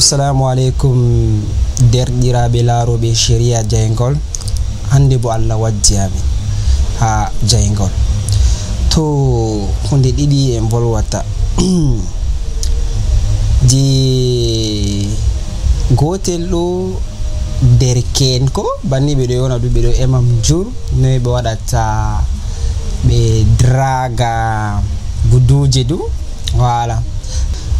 assalamu aleykum derɗiraɓe laaroɓe chéria jayngol hannde bo allah wajji amin ha jayngol to hunde ɗiɗi en volwata je gotel ɗo derke'en ko banni ɓeɗo yona du ɓeɗo emam jur noyi ɓe waɗata ɓe draga guduje du voilà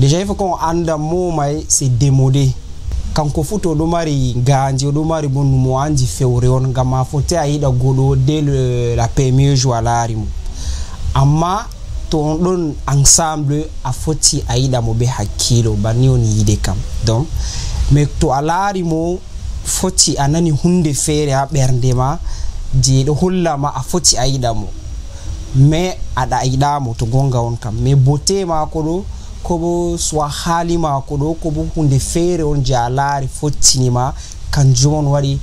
déjà il faut qu'on anda momay c'est démodé kanko fu to ɗo mari gaji oɗo mari bo numo andi fewre on gam ma fo te a yiɗa goɗo de la premier jo a laari mo amma to on ɗon ensemble a foti a yiɗa mo ɓe hakkilo banni on yiide kam donc mais to a laari mo foti a nani hunde feere ha ɓernde ma je ɗo hollama a foti a yiɗa mo mais aɗa yiɗamo to gonga on kam mais beauté mako ɗo ko bo soa haali mako ɗo ko bo hunde feere on je a laari fottinima kanjum on waɗi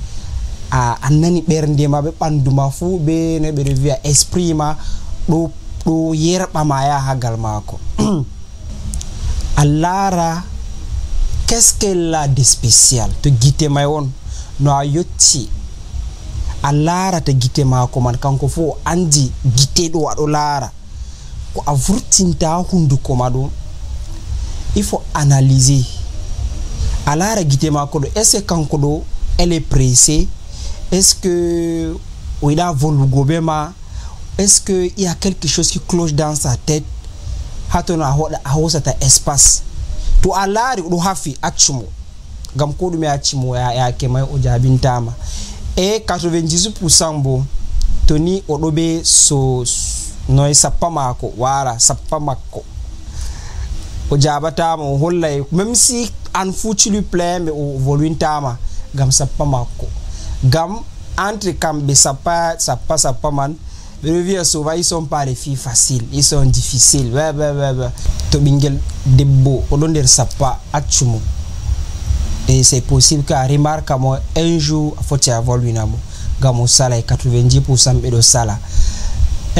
a annani ɓernde ma ɓe ɓandu ma fuu ɓe no ɓeɗo wiya esprit ma ɗo ɗo yerɓama ya hagal maako a laara qu'est ce que la de spécial to guite may on no a yotti a laarata guite maako man kanko fuu o andi guite ɗo aɗo laara ko a vurtinta hunduko ma ɗum il faut analyser a laara gitema koɗo est ce que kanko elle est pressée est ce que o yiɗa vollugo est ce que il y a quelque chose qui cloche dans sa tête ha a hoɗa a hosata espace to à laari oɗo hafi accumo gam ko ɗume accimo yake may o jabintama e Et 98% bon. to ni oɗo so noy sappa maako wara o jaɓatama o hollay même si an plein ciluplein ɓe o volwintama gam sappa makko gam entre kamɓe sappa sappa sappa man ɓeɗo wiya souvent ils sont pas les filles faciles ils sont difficiles ouais, ouais, ouais, ouais. to ɓinguel debbo oɗo nder sappa accu mum et c'est possible qu'à a remarque moi un jour faut y avoir une gam o salay 90 pourcent ɓeɗo sala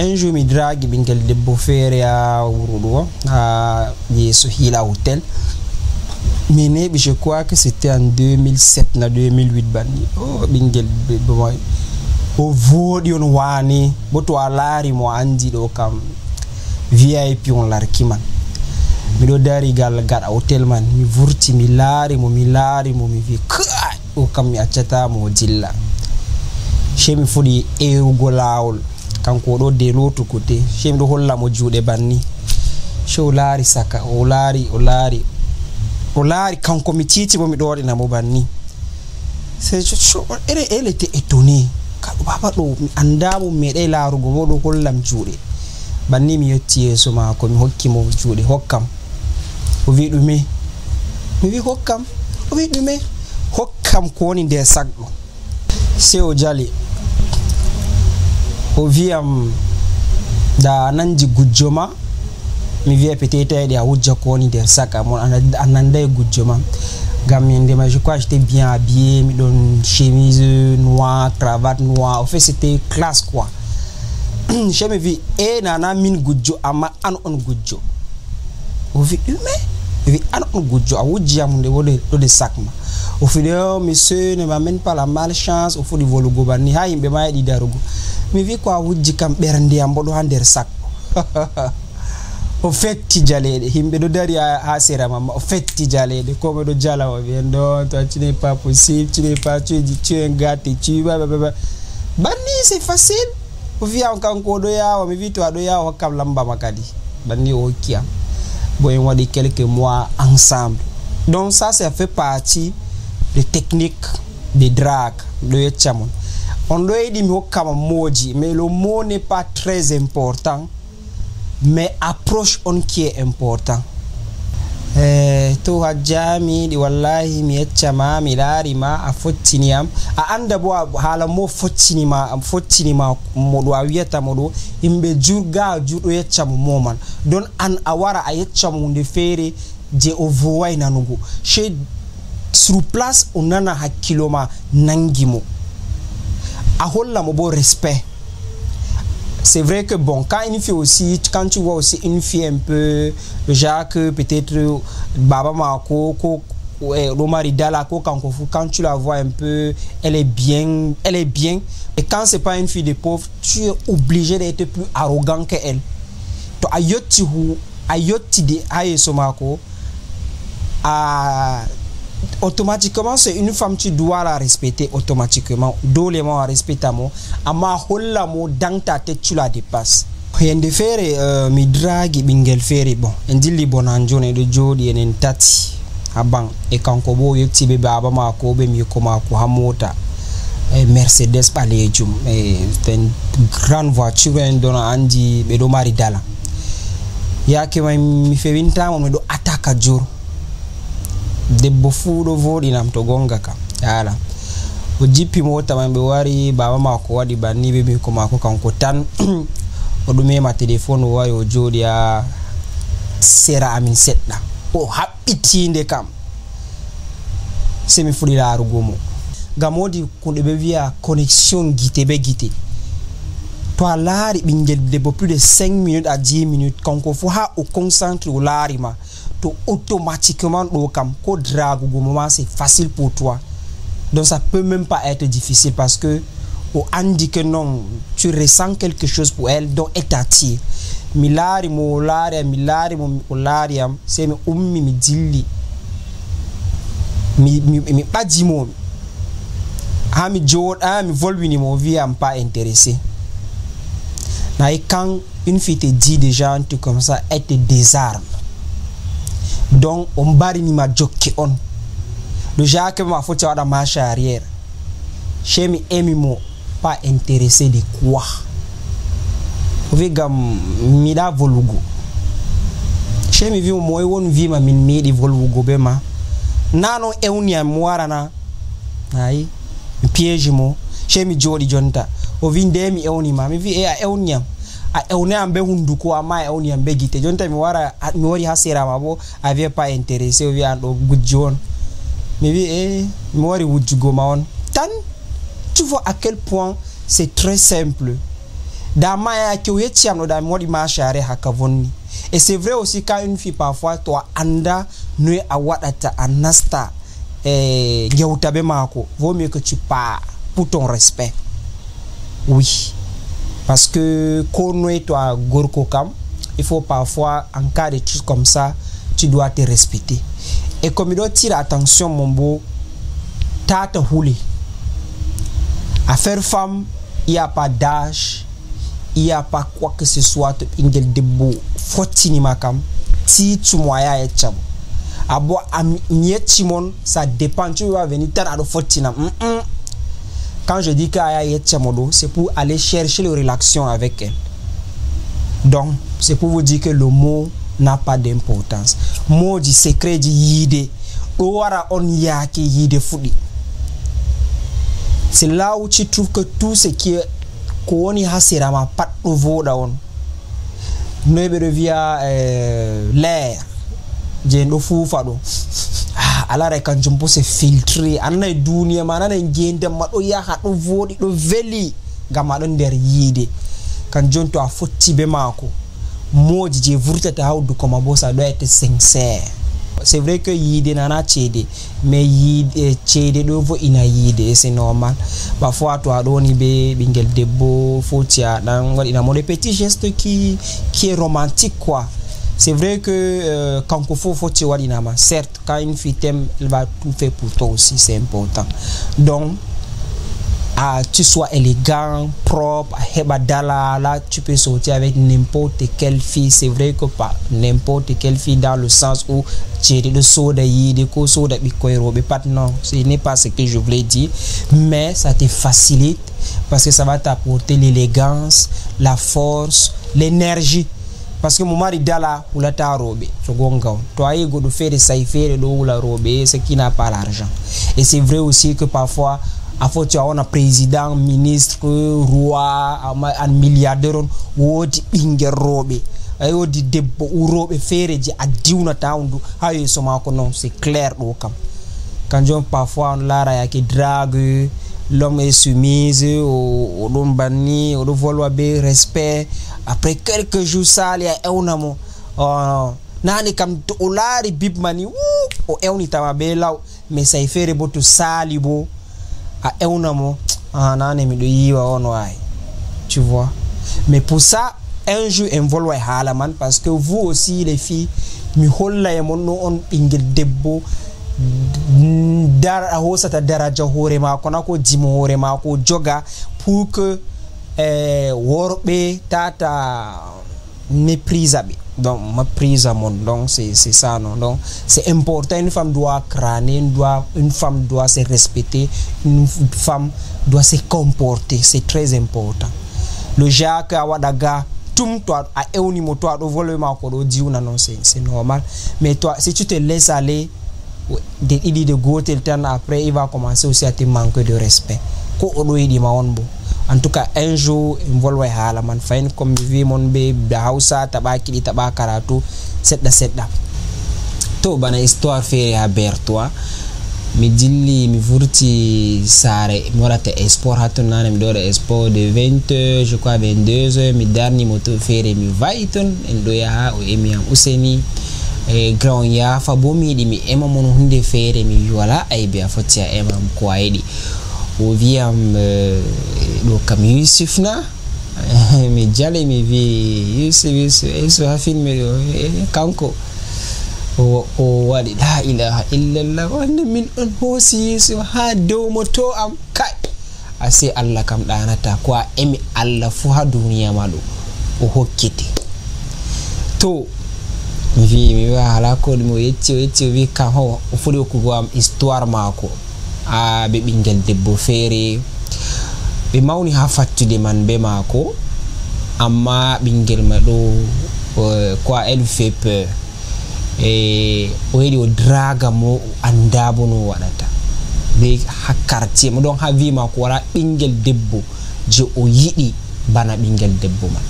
un jour mi drag bingel debbo feere ha wuro ɗo ha hila hotel mene je crois que c'était en 2007 na 2008 banni Oh, bingel, debbo ma o vooɗi on waane bo to a mo anndi do kam vip on larki man do dari gal gar hotel man mi vurti mi mo mi mo mi vi kai kam mi accatamo mo dilla she mi fuɗi kanko oɗo de lotukude shem ɗo hollamo juuɗe banni sey o laari saka o laari o laari o laari kanko mi titimo miɗo waɗinamo banni sere elete étonné e kaɗo baba ɗo mi anndamo meeɗai laarugo bo ɗo hollam juuɗe banni mi yetti yeeso maako mi hokkimo juuɗe hokkam o wi ɗume mi wi hokkam o wi ɗume hokkam ko woni nde sagɗo sey o jali ko da nanji gujjo ma mi wiya peut-être ayiɗi a wujja ko woni nder mon a nanday gujjo ma j'étais bien habillé miɗon chemise noire, cravate noir au fait c'était classe quoi je me e nana min gujjo amma an on gujjo o wi an on gujjo a de au final monsieur ne m'amène pas la malchance au o du volugo ni ha il ma yiɗi darugo mi wi ko a wujji kam ɓer ndiyam bo ɗo ha nder sac o de dari ha sera mamma au fait jala ou bien non to tu n'es pas possible tu n'es pas tu tu es gâté tu que bah, banni bah, bah. c'est facile o en on kanko ya yawa mi to banni o quelques mois ensemble donc ça ça fait partie ɗe technique ɗe drag ɗo yecca mon on ɗo yiɗi mi hokkama mooji mais le mot n'est pas très important mais approche on qui est important eh, to ha jami ɗi wallahi mi yeccama mi laarima a foccinayam a anda bo haala mo foccinima foccinima moɗo a wiyata mo ɗo yimɓe jurga juɗo yecca mo moman don an a wara a yecca mo hunde feere je o vowai nanugo chez sur place on a hakkilo ma kilomètre a holla mo de respect c'est vrai que bon quand une fille aussi quand tu vois aussi une fille un peu Jacques, peut-être baba Marco, ko Romari quand tu la vois un peu elle est bien elle est bien et quand c'est pas une fille de pauvre tu es obligé d'être plus arrogant que elle to ayotti hu ayotti de a automatiquement c'est une femme tu dois la respecter automatiquement dolément respectamo ama hollamo dans ta tête tu la dépasses de faire uh, mi draagi bingel feere bon en dilli bonanjon eɗo jodi enen tati ha ban e kanko bo o ma ko be mi ko ma ko ha mota e eh, mercedes ɓalejum e eh, en grande voiture en andi be do mari dala yaake mai mi me do attaque jour debbo fuu ɗo voɗinam to gonga kam yala o jippi mota man ɓe wari baba mako waɗi banni ɓe miko mako kanko tan oɗum ema téléphone o wari o joɗi ha sera amin seɗɗa o haɓɓitide kam se mi fuɗi larugo mo gam wodi kuɗe ɓe wiya connexion guite ɓe guite to a laari ɓingel debbo plus de 5 minute a 10 minute kanko fo ha o concentre o laarima to automatiquement d'okam ko drag au moment c'est facile pour toi donc ça peut même pas être difficile parce que au andi que non tu ressens quelque chose pour elle donc elle t'attire milari mo olari milari mo olari c'est mi ummi mi dilli mi mi mi moi ami ha mi jod mi volwini mo pas intéressé na quand une fille te dit déjà un truc comme ça elle te désarme donc o mbarinima jokki on ɗo jakeɓe ma foti waɗa marche arriére che mi emi mo pas intéressé de quoi o wi gam miɗa volwugo che mi wimo moy won wima min miyiɗi volwugo ɓe ma e na non ewniyam mi warana ayi mi piége mo che mi jooɗi jonta o wi nde mi ewnima mi wi e a ewniyam on est hunduko ama eh, wara mi ah, mabo pas intéressé o do on mi wi e mi tan tu vois à quel point c'est très simple dama ya o yecciyam da mi ma et c'est vrai aussi quand une fille parfois toi anda nui a waɗata anasta eh, vaut mieux que tu pars pour ton respect oui parce que tu toi, Gorko Kam, il faut parfois, en cas de choses comme ça, tu dois te respecter. Et comme il doit tirer attention, mon beau, tata roulé. À faire femme, il n'y a pas d'âge, il n'y a pas quoi que ce soit, il y a des beaux, faut makam, si tu moya et chabo. Abo, ami, ça dépend, tu vas venir, t'as la faute, quand je dis qu'Aya est Tchamodo, c'est pour aller chercher les relations avec elle. Donc, c'est pour vous dire que le mot n'a pas d'importance. Mot du secret du yide. C'est là où tu trouves que tout ce qui est kowoni ha sera ma pat on euh, l'air je en ɗo fufa ɗo alaray ah, kanjum bo se filtré annay duniya ma nanay gendenma ɗo yaha ɗo voɗi ɗo veli gam aɗon nder yiide kanjum to a fotti be maako moji je vurtata hawduko ma bo sa ɗo yette sincere c'est vrai que yiide nana ceede mais yiide ceede ɗo vo'ina yiide c'est normal ba fois to aɗoni be ɓinguel debbo fotiaɗan waɗinamo le petit geste qui qui est romantique quoi C'est vrai que euh, quand tu Kankofo certes, quand une fille t'aime, elle va tout faire pour toi aussi, c'est important. Donc, ah, tu sois élégant, propre, ah, eh, bah, là tu peux sortir avec n'importe quelle fille. C'est vrai que pas n'importe quelle fille dans le sens où tu es de soda de pas non, ce n'est pas ce que je voulais dire, mais ça te facilite parce que ça va t'apporter l'élégance, la force, l'énergie par ce que mo mari dala wulata roɓe so gonga on to a yi goɗɗo feere sayi feere ɗo wula roɓe c'est qui n'a pas l' argent et c'est vrai aussi que parfois a foti a wona président ministre roi an milliardeur on woodi ɓinguel roɓe a wodi debbo roɓe feere je a diwnata undu ha yeeso mako non c'est clair ɗo kam kanjum parfois on laara yake drague l'homme est soumise au lombani, au volwabe, respect. Après quelques jours, ça, il y a un amour. Oh, nani kam to o laari bibmani o ewnitama be law mais sai feere bo to saali bo a ewna mo ah, nane yiwa on oh, tu vois mais pour ça un jour un volwa e parce man parce que vous aussi les filles mi holla e mon no on ɓinguel debbo dar, hosata daraja hoore maako na ko jimo hoore maako joga pour que eh, worɓe tata méprisa ɓe donc méprisa mon donc c'est ça non non c'est important une femme doit crâner doit, une femme doit se respecter une femme doit se comporter c'est très important le jacque a waɗa ga tum to a ewnimo to aɗo volwe mako ɗo diwna non c'est normal mais toi si tu te laisses aller il dit de gotel tan après il va commencer aussi à te manquer de respect ko oɗo ma on bo en tout cas un jour il me e hala man fayin comme mi wi mon ɓe hawsa taɓa kiɗi taɓa karatu seɗɗa seɗɗa to bana histoire feere à bertoi mi dilli mi vurti sare mi waɗata sport ha ton mi ɗowaɗa sport de 20 h je crois 22 heures mi dernier moto feere mi vaiton ton en ɗo yaha o emi useni E grand yafa bo mi yiɗi mi ema mon hunde feere mi wala aybi a fotti a emam ko a yiɗi o wiyam e, ɗo kam yusuf na mi jale mi wi yusuf yusuf yusuf ha filme ɗo e, kanko o waɗi la ilaha illallah wande min on hoosi yusuf ha dow mo to am kai a se allah kam ɗanata ko a emi allah fo ha duniya ma ɗo o hokkite to mi fi mi wi hala koɗum o yecci o yecci o wi kan ho o foɗi okkugo am histoire mako a ɓe ɓingel debbo feere ɓe mawni ha fattude man be mako amma ɓingel ma ɗo quoi elle fait peur e o heɗi o draga mo andabo no waɗata be ha quartier moɗon ha wi mako wala ɓingel debbo je o yiɗi bana ɓingel debbo man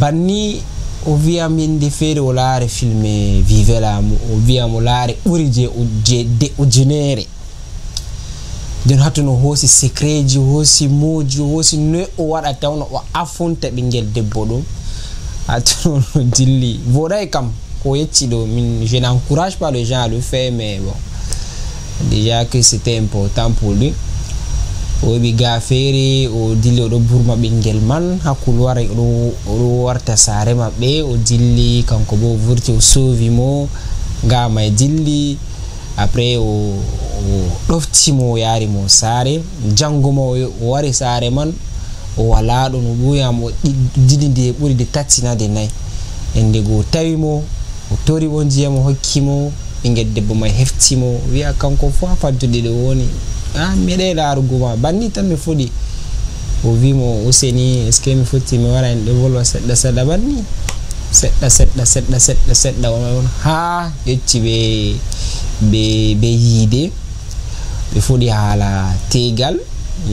banni o yinde feere o laari filme vive o wiyam o laari ɓuri je de ujunere den hattuno hoosi secret ji hoosi moji hoosi noy o waɗa tawno o afunta ɓingel debbo ɗum hattuno no dilli voɗay kam ko yecci ɗo min je n'encourage pas les gens à le faire mais bon déjà que c'était important pour lui o heɓi ga feere o dilli oɗo burma ɓingel man hakkul waray oɗo warta saare maɓɓe o dilli kanko bo o vurti o sowi mo ga may dilli après o ɗofti mo o yaari mo saare jango ma o wari saare man o wala ɗon o ɓoyam o dili nde ɓuri de tati na de nayi ende goo tawi mo o tori o ndiyam o hokki mo ɓingel debbo may hefti mo wiya kanko fo ha faddude ɗo woni a miɗa laarugo ma banni tan mi fuɗi o wimo useni est ce que mi fotti mi wara en ɗevolwa seɗɗa seɗɗa banni seɗɗa seɗɗa seɗɗa seɗɗa seɗɗa on haa yecci ɓe ɓe ɓe yiide ɓe fuɗi haala tegal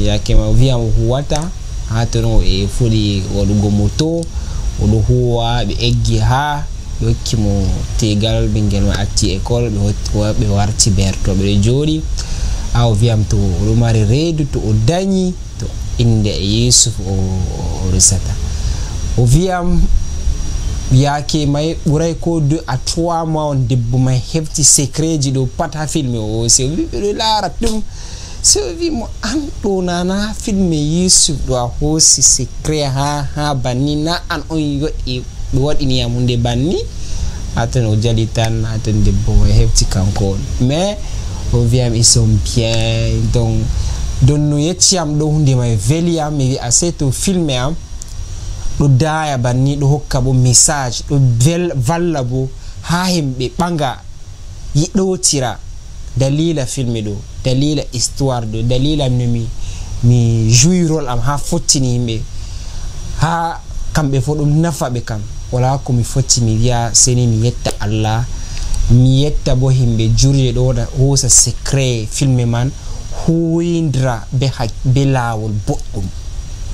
yakkema wiyam huwata ha tono e fuɗi waɗugo moto oɗo huwa ɓe eggi ha ɓe hokkimo tegal ɓingel ma acci école ɓe warti berto ɓeɗo jooɗi aw wiyam to oɗo mari reedu to o dañi to inde yusuf o, o resata o wiyam yaake may ɓuray ko de a trois mois on debbo may hefti secret ji ɗo pat ha filme o hosi o wi ɓeɗo laara ɗum se o wi mo an ɗo nana filme yusuf ɗo a hoosi secret ha ha banni na an on yoɗi ɓe waɗiniyam hunde banni haton o jali tan haton debbo may hefti kanko on mais o wiyam i sont bien donc don no yecciyam ɗo hunde may weliyam mi wi a se to filme am ɗo daya banni ɗo hokka bo message ɗo valla bo ha himɓe ɓaga yiɗotira dalila filme ɗo dalila histoire ɗo dalila nomi mi jouit role am ha fottini yimɓe ha kamɓe fo ɗum nafaɓe kam wala komi fotti mi wiya seni mi yetta allah mi yetta bo himɓe jurde ɗo waɗa hosa secret filme man huyidira be ha be lawol boɗɗum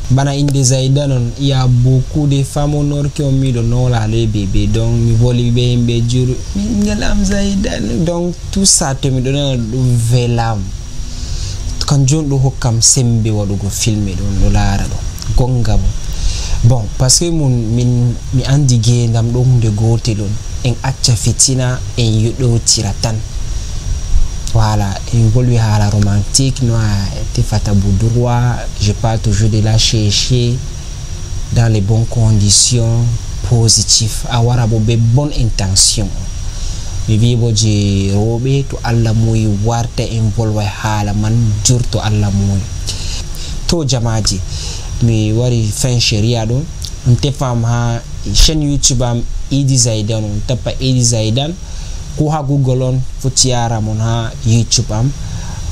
bana inde zaida non ya beaucoup de femme o norke on miɗo nolale bebe donc mi voli ɓe himɓe jur ingalam zaida donc tout ça to miɗo nana ɗum velam kanjum ɗo hokkam sembe waɗugo filme ɗon ɗo laara ɗo gonga bo bon parce que mon mi andi dans ɗo hunde gotel on en acca fitina en yuɗotira tan voilà en à la romantique no a tefata droit. je parle toujours de la chercher dans les bonnes conditions positif awara wara bon bonne intention mi wi bo je rewɓe to allah moy warta en volwa hala man jurto allah moy to jamaji mi wari fin sharia ɗo ɗum tefam ha chaine youtube am idi zaidan on tappa idi zaidan ko ha google on foti yaramon ha youtube am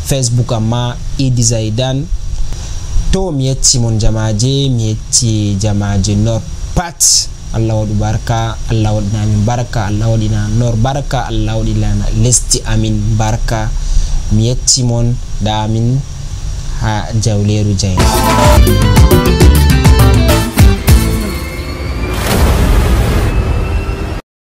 facebook am ma idi zaidan to mi yettimon jamaje mi yetti jamaje nor pat allah waɗu barka allah waɗinamin barka allah waɗina nor barka allah waɗinana lesti amin barka mi yettimon damin जवलीहरू चाहिँ